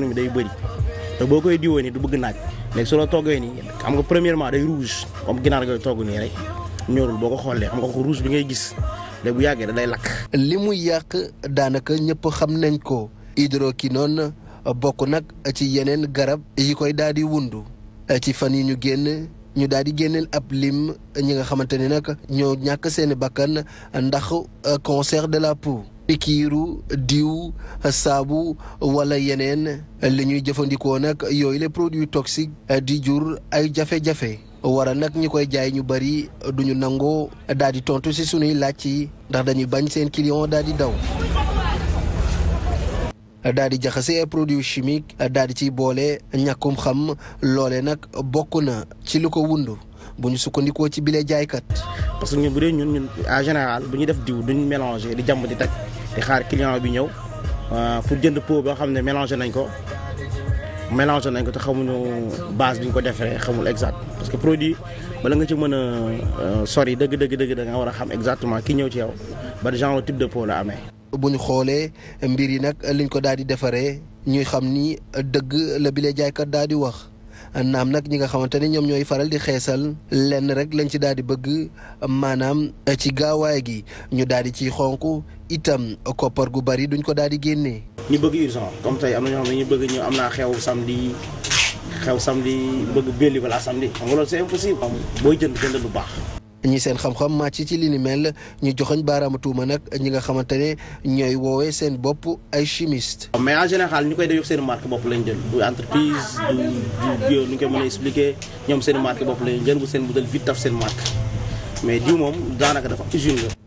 mi day bëri te boo koy diwoo nii du bëgg naaj léegi su la toggee nii xam nga premièrement day rouge comme ginaar ngay togg nii rek ñorul boo ko xoolee xam nga ko rouge bi ngay gis léegi bu yàggee da day lakk. li muy yàq daanaka ñëpp xam nañ ko hydroquinone bokk nag ci yeneen garab yi koy daal di wundu ci fan yi ñu génn ñu daal di génneel ab lim ñi nga xamante ni nag ñoo ñàkk seeni bakkan ndax cancer de la peau. pikiiru diw saabu wala yeneen li ñuy jëfandikoo nag yooyu les produits toxiques di jur ay jafe-jafe wara nag ñi koy jaay ñu bëri duñu nangoo daal di tontu ci sunuy laaj yi ndax dañuy bañ seen client daal di daw daal di jaxase ay produit chimiques daal di ciy boole ñàkkum xam loole nag bokk na ci lu ko wundu bu ñu sukkandikoo ci bile jaaykat. parce que ñun bu dee ñun ñun en général bu ñuy def diw duñu mélangé di jàmb di teg di xaar client bi ñëw euh, pour jënd pot boo xam ne mélangé nañ ko mélangé nañ ko te xamuñu base bi ñu ko defaree xamul exact parce que produit bala nga ci mën a yi euh, dëgg dëgg dëgg da war a xam exactement ki ñëw ci yow ban genre type de po la amee. bu ñu xoolee mbir yi nag liñ ko daal di defaree ñuy xam ni dëgg la bile jaaykat daal di wax. naam nag ñi nga xamante ni ñoom ñooy faral di xeesal lenn rek lañ ci daal di bëgg maanaam eh, ci gaawaay gi ñu daal di ciy xonk itam koppar gu bari duñ ko daal di génnee. ñu bëgg urgence comme am na ñoo xam ne ñu bëgg ñu am naa xew samedi xew samedi bëgg belli balaa samedi xam nga loolu c'est jënd jënd lu baax. ñi seen xam-xam màcc ci li ni mel ñu joxoñ baaraama tuuma nag ñi nga xamante ne ñooy woowee seen bopp ay chimiste. mais en général ñu koy def seen marque bopp lañ jël du entreprise du du ñu koy mën a expliquer ñoom seen marque bopp lañ jël bu seen butéel vite taf seen marque mais diw moom daanaka dafa usine